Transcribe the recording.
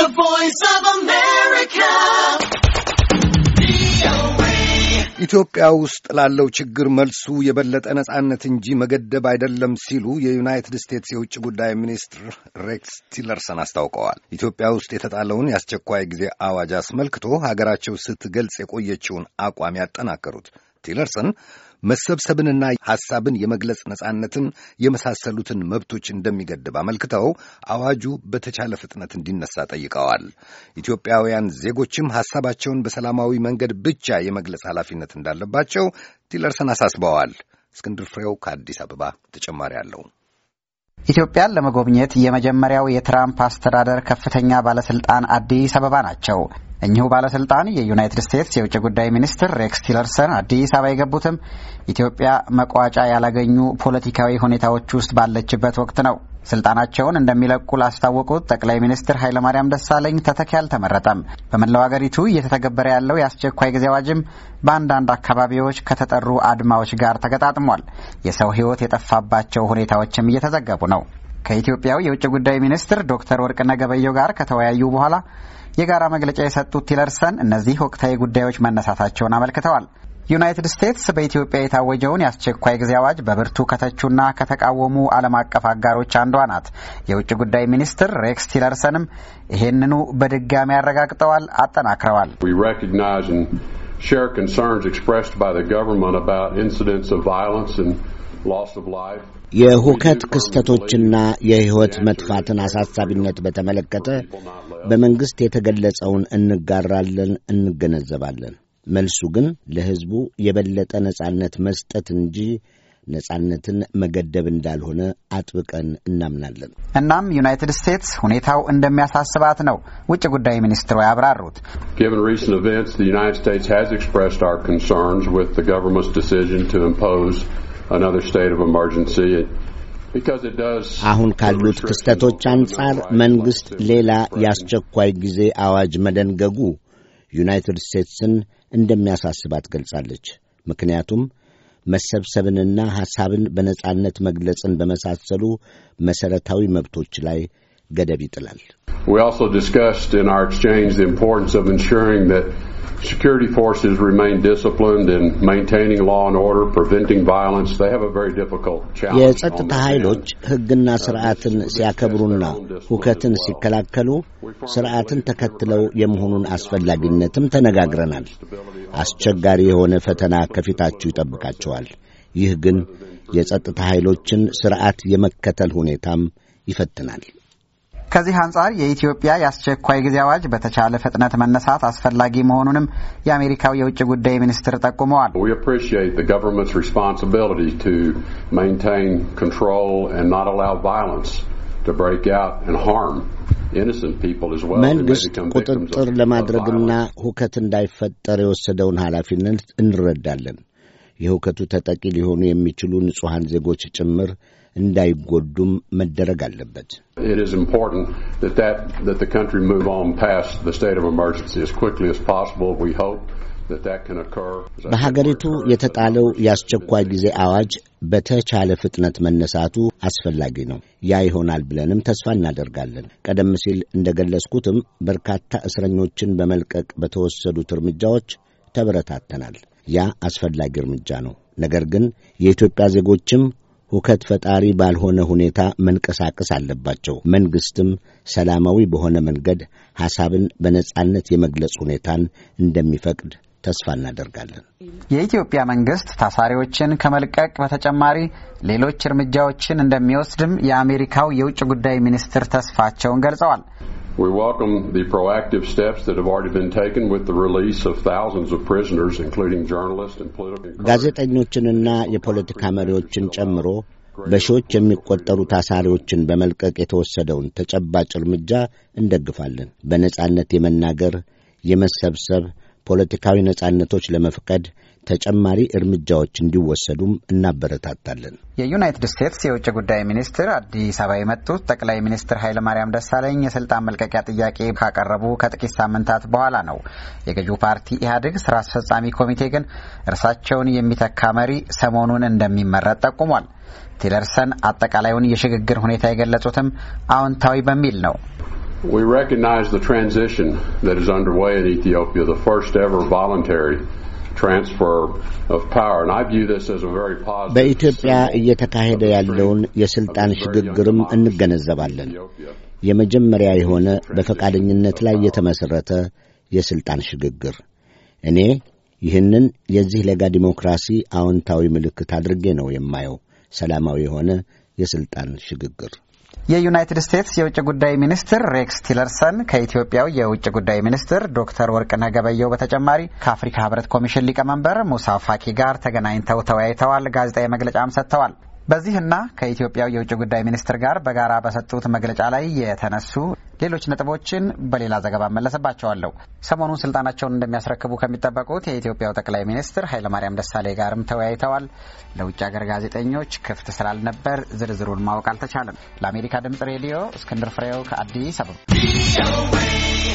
The Voice of America. ኢትዮጵያ ውስጥ ላለው ችግር መልሱ የበለጠ ነጻነት እንጂ መገደብ አይደለም ሲሉ የዩናይትድ ስቴትስ የውጭ ጉዳይ ሚኒስትር ሬክስ ቲለርሰን አስታውቀዋል። ኢትዮጵያ ውስጥ የተጣለውን የአስቸኳይ ጊዜ አዋጅ አስመልክቶ ሀገራቸው ስትገልጽ የቆየችውን አቋም ያጠናከሩት ቲለርሰን መሰብሰብንና ሐሳብን የመግለጽ ነጻነትን የመሳሰሉትን መብቶች እንደሚገድብ አመልክተው አዋጁ በተቻለ ፍጥነት እንዲነሳ ጠይቀዋል። ኢትዮጵያውያን ዜጎችም ሐሳባቸውን በሰላማዊ መንገድ ብቻ የመግለጽ ኃላፊነት እንዳለባቸው ቲለርሰን አሳስበዋል። እስክንድር ፍሬው ከአዲስ አበባ ተጨማሪ አለው። ኢትዮጵያን ለመጎብኘት የመጀመሪያው የትራምፕ አስተዳደር ከፍተኛ ባለስልጣን አዲስ አበባ ናቸው። እኚሁ ባለስልጣን የዩናይትድ ስቴትስ የውጭ ጉዳይ ሚኒስትር ሬክስ ቲለርሰን አዲስ አበባ የገቡትም ኢትዮጵያ መቋጫ ያላገኙ ፖለቲካዊ ሁኔታዎች ውስጥ ባለችበት ወቅት ነው። ስልጣናቸውን እንደሚለቁ ላስታወቁት ጠቅላይ ሚኒስትር ኃይለማርያም ደሳለኝ ተተኪ አልተመረጠም። በመላው አገሪቱ እየተተገበረ ያለው የአስቸኳይ ጊዜ አዋጅም በአንዳንድ አካባቢዎች ከተጠሩ አድማዎች ጋር ተገጣጥሟል። የሰው ሕይወት የጠፋባቸው ሁኔታዎችም እየተዘገቡ ነው። ከኢትዮጵያው የውጭ ጉዳይ ሚኒስትር ዶክተር ወርቅነህ ገበየሁ ጋር ከተወያዩ በኋላ የጋራ መግለጫ የሰጡት ቲለርሰን እነዚህ ወቅታዊ ጉዳዮች መነሳታቸውን አመልክተዋል። ዩናይትድ ስቴትስ በኢትዮጵያ የታወጀውን የአስቸኳይ ጊዜ አዋጅ በብርቱ ከተቹና ከተቃወሙ ዓለም አቀፍ አጋሮች አንዷ ናት። የውጭ ጉዳይ ሚኒስትር ሬክስ ቲለርሰንም ይህንኑ በድጋሚ አረጋግጠዋል፣ አጠናክረዋል። share concerns expressed by the government about incidents of violence and የሁከት ክስተቶችና የሕይወት መጥፋትን አሳሳቢነት በተመለከተ በመንግሥት የተገለጸውን እንጋራለን፣ እንገነዘባለን። መልሱ ግን ለሕዝቡ የበለጠ ነጻነት መስጠት እንጂ ነጻነትን መገደብ እንዳልሆነ አጥብቀን እናምናለን። እናም ዩናይትድ ስቴትስ ሁኔታው እንደሚያሳስባት ነው ውጭ ጉዳይ ሚኒስትሩ ያብራሩት። አሁን ካሉት ክስተቶች አንጻር መንግሥት ሌላ የአስቸኳይ ጊዜ አዋጅ መደንገጉ ዩናይትድ ስቴትስን እንደሚያሳስባት ገልጻለች። ምክንያቱም መሰብሰብንና ሐሳብን በነጻነት መግለጽን በመሳሰሉ መሠረታዊ መብቶች ላይ ገደብ ይጥላል። የጸጥታ ኃይሎች ሕግና ስርዓትን ሲያከብሩና ሁከትን ሲከላከሉ ስርዓትን ተከትለው የመሆኑን አስፈላጊነትም ተነጋግረናል። አስቸጋሪ የሆነ ፈተና ከፊታችሁ ይጠብቃቸዋል። ይህ ግን የጸጥታ ኃይሎችን ስርዓት የመከተል ሁኔታም ይፈትናል። ከዚህ አንጻር የኢትዮጵያ የአስቸኳይ ጊዜ አዋጅ በተቻለ ፍጥነት መነሳት አስፈላጊ መሆኑንም የአሜሪካው የውጭ ጉዳይ ሚኒስትር ጠቁመዋል። መንግስት ቁጥጥር ለማድረግና ሁከት እንዳይፈጠር የወሰደውን ኃላፊነት እንረዳለን። የሁከቱ ተጠቂ ሊሆኑ የሚችሉ ንጹሐን ዜጎች ጭምር እንዳይጎዱም መደረግ አለበት። በሀገሪቱ የተጣለው የአስቸኳይ ጊዜ አዋጅ በተቻለ ፍጥነት መነሳቱ አስፈላጊ ነው። ያ ይሆናል ብለንም ተስፋ እናደርጋለን። ቀደም ሲል ገለጽኩትም በርካታ እስረኞችን በመልቀቅ በተወሰዱት እርምጃዎች ተበረታተናል። ያ አስፈላጊ እርምጃ ነው። ነገር ግን የኢትዮጵያ ዜጎችም ሁከት ፈጣሪ ባልሆነ ሁኔታ መንቀሳቀስ አለባቸው። መንግሥትም ሰላማዊ በሆነ መንገድ ሐሳብን በነጻነት የመግለጽ ሁኔታን እንደሚፈቅድ ተስፋ እናደርጋለን። የኢትዮጵያ መንግስት ታሳሪዎችን ከመልቀቅ በተጨማሪ ሌሎች እርምጃዎችን እንደሚወስድም የአሜሪካው የውጭ ጉዳይ ሚኒስትር ተስፋቸውን ገልጸዋል። We welcome the proactive steps that have already been taken with the release of thousands of prisoners, including journalists and political ጋዜጠኞችንና የፖለቲካ መሪዎችን ጨምሮ በሺዎች የሚቆጠሩ ታሳሪዎችን በመልቀቅ የተወሰደውን ተጨባጭ እርምጃ እንደግፋለን። በነጻነት የመናገር የመሰብሰብ፣ ፖለቲካዊ ነጻነቶች ለመፍቀድ ተጨማሪ እርምጃዎች እንዲወሰዱም እናበረታታለን። የዩናይትድ ስቴትስ የውጭ ጉዳይ ሚኒስትር አዲስ አበባ የመጡት ጠቅላይ ሚኒስትር ኃይለማርያም ደሳለኝ የስልጣን መልቀቂያ ጥያቄ ካቀረቡ ከጥቂት ሳምንታት በኋላ ነው። የገዢው ፓርቲ ኢህአዴግ ስራ አስፈጻሚ ኮሚቴ ግን እርሳቸውን የሚተካ መሪ ሰሞኑን እንደሚመረጥ ጠቁሟል። ቲለርሰን አጠቃላዩን የሽግግር ሁኔታ የገለጹትም አዎንታዊ በሚል ነው። We recognize the transition that is underway in Ethiopia, the first ever voluntary በኢትዮጵያ እየተካሄደ ያለውን የስልጣን ሽግግርም እንገነዘባለን። የመጀመሪያ የሆነ በፈቃደኝነት ላይ የተመሠረተ የስልጣን ሽግግር እኔ ይህንን የዚህ ለጋ ዲሞክራሲ አዎንታዊ ምልክት አድርጌ ነው የማየው። ሰላማዊ የሆነ የስልጣን ሽግግር የዩናይትድ ስቴትስ የውጭ ጉዳይ ሚኒስትር ሬክስ ቲለርሰን ከኢትዮጵያው የውጭ ጉዳይ ሚኒስትር ዶክተር ወርቅነህ ገበየሁ በተጨማሪ ከአፍሪካ ህብረት ኮሚሽን ሊቀመንበር ሙሳ ፋኪ ጋር ተገናኝተው ተወያይተዋል። ጋዜጣዊ መግለጫም ሰጥተዋል። በዚህና ከኢትዮጵያው የውጭ ጉዳይ ሚኒስትር ጋር በጋራ በሰጡት መግለጫ ላይ የተነሱ ሌሎች ነጥቦችን በሌላ ዘገባ መለሰባቸዋለሁ። ሰሞኑን ስልጣናቸውን እንደሚያስረክቡ ከሚጠበቁት የኢትዮጵያው ጠቅላይ ሚኒስትር ኃይለማርያም ደሳሌ ጋርም ተወያይተዋል። ለውጭ ሀገር ጋዜጠኞች ክፍት ስላልነበር ዝርዝሩን ማወቅ አልተቻለም። ለአሜሪካ ድምጽ ሬዲዮ እስክንድር ፍሬው ከአዲስ አበባ